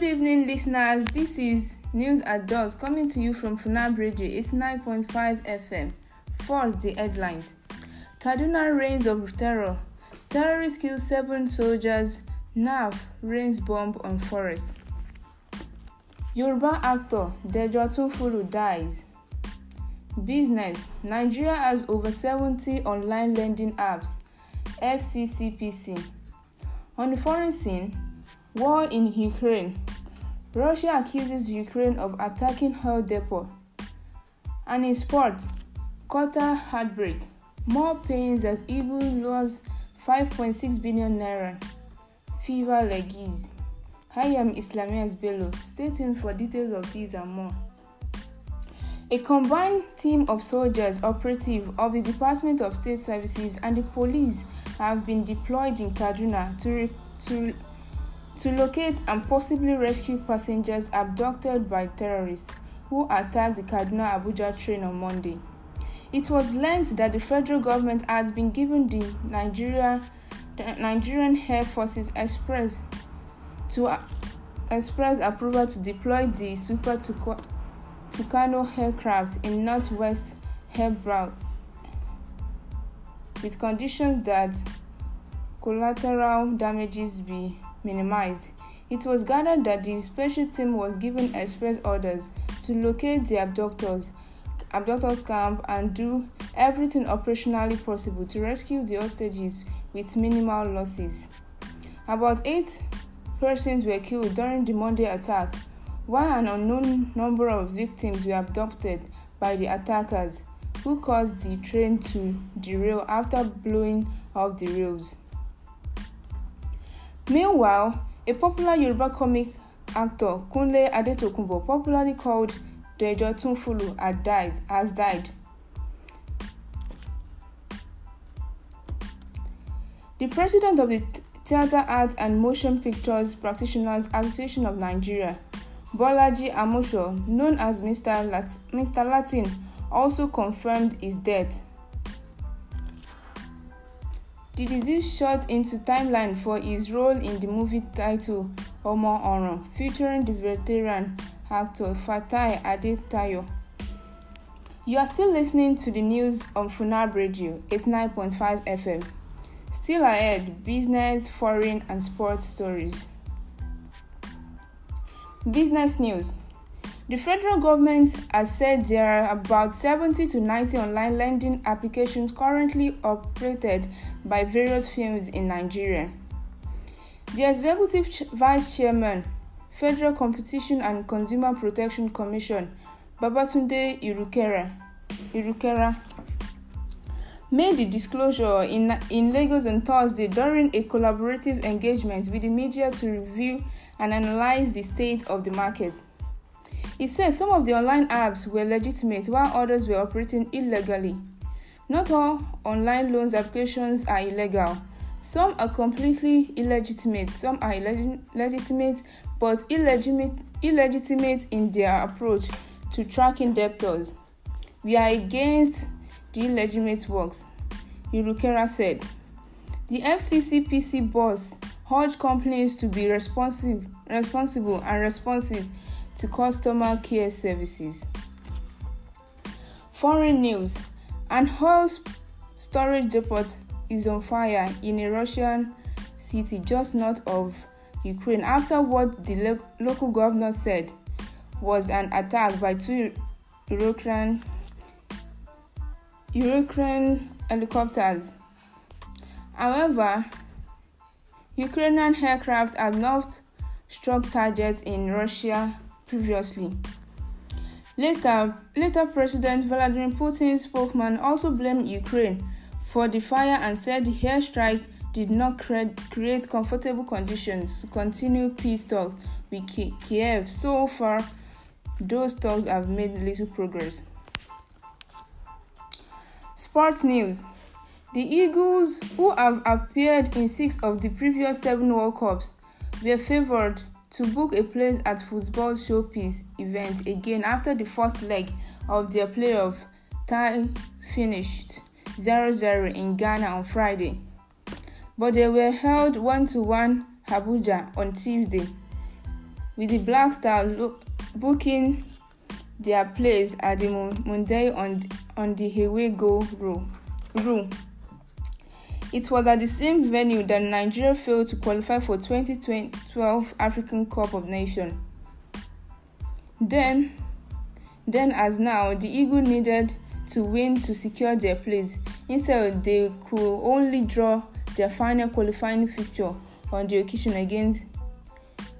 Good evening, listeners. This is News at Dusk coming to you from Funab Radio 89.5 FM. First, the headlines Kaduna reigns of terror. Terrorists kill seven soldiers. NAF rains bomb on forest. Yoruba actor Dejo Tunfuru dies. Business Nigeria has over 70 online lending apps. FCCPC. On the foreign scene, war in Ukraine Russia accuses Ukraine of attacking oil depot. And in sports, Qatar heartbreak. More pains as Eagle loses 5.6 billion naira. Fever Legis. I am Islamias Bello. Stay tuned for details of these and more. A combined team of soldiers operative of the Department of State Services and the police have been deployed in Kaduna to, re- to to locate and possibly rescue passengers abducted by terrorists who attacked the Kaduna Abuja train on Monday. It was learned that the federal government had been given the Nigeria the Nigerian Air Forces Express to uh, express approval to deploy the Super Tucano aircraft in Northwest Hebron with conditions that collateral damages be minimized. It was gathered that the special team was given express orders to locate the abductors, abductors camp and do everything operationally possible to rescue the hostages with minimal losses. About eight persons were killed during the Monday attack, while an unknown number of victims were abducted by the attackers, who caused the train to derail after blowing off the rails. Meanwhile, a popular Yoruba comic actor Kunle Adetokunbo, popularly called Dejo Tunfulu, had died, has died. The president of the Theatre Arts and Motion Pictures Practitioners Association of Nigeria, Bolaji Amosho, known as Mr. Lat- Mr. Latin, also confirmed his death. The deceased shot into timeline for his role in the movie title Ọmọ Ọ̀ràn featuring the veteran actor Fatai Adetayo. are still listening to the news on Funab Radio 89.5 FM. Still ahead, business, foreign, and sports stories. Business news. The federal government has said there are about 70 to 90 online lending applications currently operated by various firms in Nigeria. The executive vice chairman, Federal Competition and Consumer Protection Commission, Babasunde Irukera, Irukera made the disclosure in, in Lagos on Thursday during a collaborative engagement with the media to review and analyze the state of the market. He says some of the online apps were legitimate while others were operating illegally. Not all online loans applications are illegal. Some are completely illegitimate, some are illeg- legitimate but illegitimate, illegitimate in their approach to tracking debtors. We are against the illegitimate works, Yurukera said. The FCCPC boss urged companies to be responsive, responsible and responsive to customer care services. Foreign news An oil storage depot is on fire in a Russian city just north of Ukraine after what the lo- local governor said was an attack by two Ukrainian, Ukrainian helicopters. However, Ukrainian aircraft have not struck targets in Russia previously. Later, later President Vladimir Putin's spokesman also blamed Ukraine for the fire and said the airstrike did not cre- create comfortable conditions to continue peace talks with K- Kiev. So far, those talks have made little progress. Sports news The Eagles, who have appeared in six of the previous seven World Cups, were favored to book a place at football showpiece event again after the first leg of their playoff tie finished 0-0 in Ghana on Friday. But they were held 1-1 Abuja on Tuesday, with the Black Stars lo- booking their place at the Monday on, on the away goal rule. It was at the same venue that Nigeria failed to qualify for 2012 African Cup of Nations. Then, then as now, the Eagle needed to win to secure their place. Instead, they could only draw their final qualifying fixture on the occasion against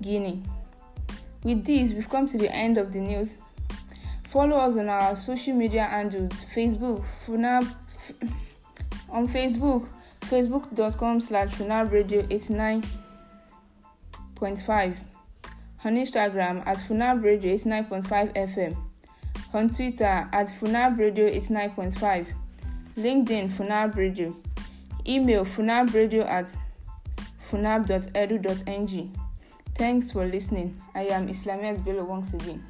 Guinea. With this, we've come to the end of the news. Follow us on our social media handles Facebook, Funab, on Facebook, facebook.com slash funab radio 89.5 on instagram at funab radio 89.5 fm on twitter at funab radio 89.5 linkedin funab radio email funab radio at funab.edu.ng thanks for listening i am islamiyat bello once again